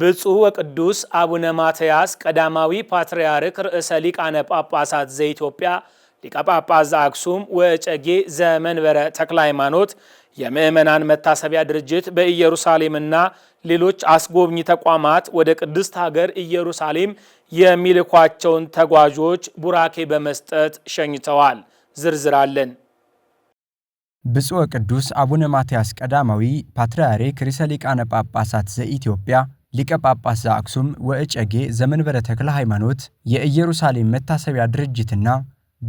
ብፁዕ ወቅዱስ አቡነ ማትያስ ቀዳማዊ ፓትርያርክ ርዕሰ ሊቃነ ጳጳሳት ዘኢትዮጵያ ሊቀ ጳጳስ ዘአክሱም ወጨጌ ዘመንበረ ተክለ ሃይማኖት የምዕመናን መታሰቢያ ድርጅት በኢየሩሳሌምና ሌሎች አስጎብኝ ተቋማት ወደ ቅድስት ሀገር ኢየሩሳሌም የሚልኳቸውን ተጓዦች ቡራኬ በመስጠት ሸኝተዋል። ዝርዝራለን። ብፁዕ ቅዱስ አቡነ ማትያስ ቀዳማዊ ፓትርያርክ ርዕሰ ሊቃነ ጳጳሳት ዘኢትዮጵያ ሊቀ ጳጳስ ዘአክሱም ወእጨጌ ዘመንበረ ተክለ ሃይማኖት የኢየሩሳሌም መታሰቢያ ድርጅትና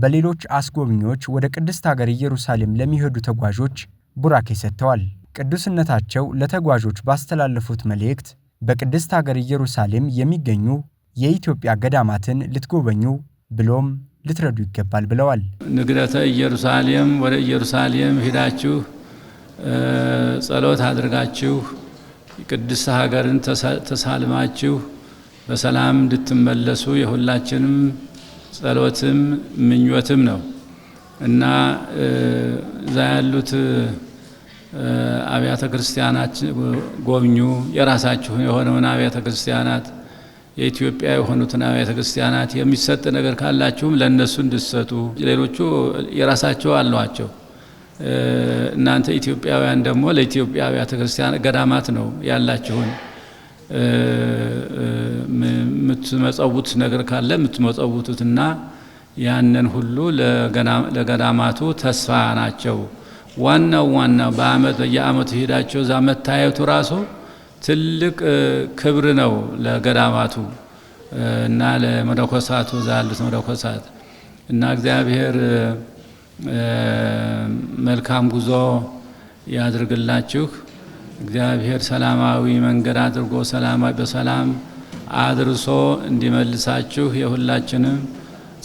በሌሎች አስጎብኚዎች ወደ ቅድስት ሀገር ኢየሩሳሌም ለሚሄዱ ተጓዦች ቡራኬ ሰጥተዋል። ቅዱስነታቸው ለተጓዦች ባስተላለፉት መልእክት በቅድስት ሀገር ኢየሩሳሌም የሚገኙ የኢትዮጵያ ገዳማትን ልትጎበኙ ብሎም ልትረዱ ይገባል ብለዋል። ንግደተ ኢየሩሳሌም ወደ ኢየሩሳሌም ሂዳችሁ ጸሎት አድርጋችሁ የቅድስት ሀገርን ተሳልማችሁ በሰላም እንድትመለሱ የሁላችንም ጸሎትም ምኞትም ነው እና እዛ ያሉት አብያተ ክርስቲያናት ጎብኙ። የራሳችሁን የሆነውን አብያተ ክርስቲያናት የኢትዮጵያ የሆኑትን አብያተ ክርስቲያናት የሚሰጥ ነገር ካላችሁም ለእነሱ እንድትሰጡ፣ ሌሎቹ የራሳቸው አሏቸው። እናንተ ኢትዮጵያውያን ደግሞ ለኢትዮጵያ አብያተ ክርስቲያን ገዳማት ነው ያላችሁን የምትመጸውቱት ነገር ካለ የምትመጸውቱትና ያንን ሁሉ ለገዳማቱ ተስፋ ናቸው። ዋናው ዋናው በአመት በየአመቱ ሄዳቸው እዛ መታየቱ ራሱ ትልቅ ክብር ነው ለገዳማቱ እና ለመነኮሳቱ እዛ ያሉት መነኮሳት እና እግዚአብሔር መልካም ጉዞ ያድርግላችሁ። እግዚአብሔር ሰላማዊ መንገድ አድርጎ ሰላማዊ በሰላም አድርሶ እንዲመልሳችሁ የሁላችንም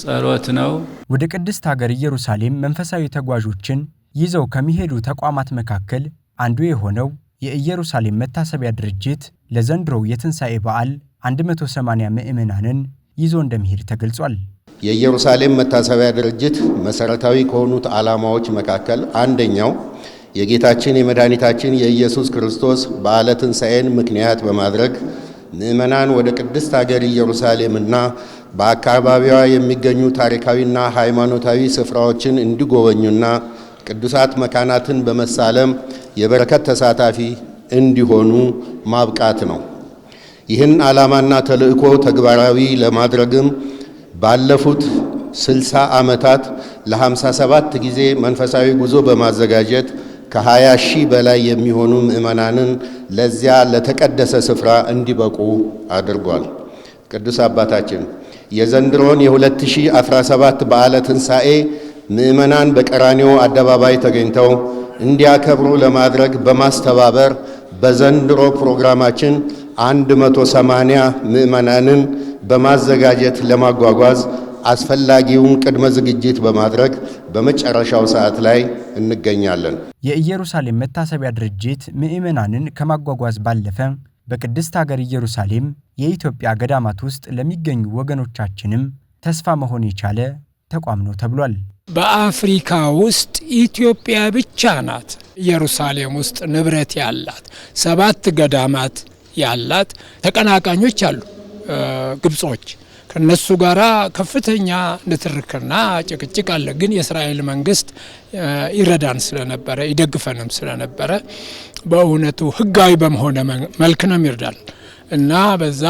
ጸሎት ነው። ወደ ቅድስት ሀገር ኢየሩሳሌም መንፈሳዊ ተጓዦችን ይዘው ከሚሄዱ ተቋማት መካከል አንዱ የሆነው የኢየሩሳሌም መታሰቢያ ድርጅት ለዘንድሮው የትንሣኤ በዓል 180 ምዕመናንን ይዞ እንደሚሄድ ተገልጿል። የኢየሩሳሌም መታሰቢያ ድርጅት መሰረታዊ ከሆኑት ዓላማዎች መካከል አንደኛው የጌታችን የመድኃኒታችን የኢየሱስ ክርስቶስ በዓለ ትንሣኤን ምክንያት በማድረግ ምዕመናን ወደ ቅድስት አገር ኢየሩሳሌምና በአካባቢዋ የሚገኙ ታሪካዊና ሃይማኖታዊ ስፍራዎችን እንዲጎበኙና ቅዱሳት መካናትን በመሳለም የበረከት ተሳታፊ እንዲሆኑ ማብቃት ነው። ይህን ዓላማና ተልዕኮ ተግባራዊ ለማድረግም ባለፉት 60 ዓመታት ለ57 ጊዜ መንፈሳዊ ጉዞ በማዘጋጀት ከ20 ሺህ በላይ የሚሆኑ ምዕመናንን ለዚያ ለተቀደሰ ስፍራ እንዲበቁ አድርጓል። ቅዱስ አባታችን የዘንድሮን የ2017 በዓለ ትንሣኤ ምዕመናን በቀራንዮ አደባባይ ተገኝተው እንዲያከብሩ ለማድረግ በማስተባበር በዘንድሮ ፕሮግራማችን 180 ምዕመናንን በማዘጋጀት ለማጓጓዝ አስፈላጊውን ቅድመ ዝግጅት በማድረግ በመጨረሻው ሰዓት ላይ እንገኛለን። የኢየሩሳሌም መታሰቢያ ድርጅት ምዕመናንን ከማጓጓዝ ባለፈ በቅድስት ሀገር ኢየሩሳሌም የኢትዮጵያ ገዳማት ውስጥ ለሚገኙ ወገኖቻችንም ተስፋ መሆን የቻለ ተቋም ነው ተብሏል። በአፍሪካ ውስጥ ኢትዮጵያ ብቻ ናት ኢየሩሳሌም ውስጥ ንብረት ያላት ሰባት ገዳማት ያላት ተቀናቃኞች አሉ። ግብጾች ከነሱ ጋራ ከፍተኛ ንትርክና ጭቅጭቅ አለ። ግን የእስራኤል መንግስት ይረዳን ስለነበረ ይደግፈንም ስለነበረ በእውነቱ ህጋዊ በመሆነ መልክ ነው ይርዳል እና በዛ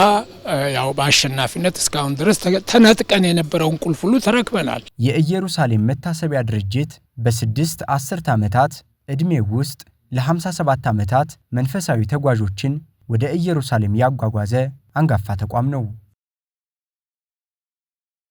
ያው በአሸናፊነት እስካሁን ድረስ ተነጥቀን የነበረውን ቁልፍ ሁሉ ተረክበናል። የኢየሩሳሌም መታሰቢያ ድርጅት በስድስት አስርት ዓመታት ዕድሜ ውስጥ ለ57 ዓመታት መንፈሳዊ ተጓዦችን ወደ ኢየሩሳሌም ያጓጓዘ አንጋፋ ተቋም ነው